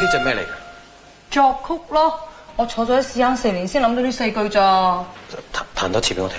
呢隻咩嚟噶？作曲咯，我坐咗一時間四年先諗到呢四句咋？彈彈多一次俾我聽。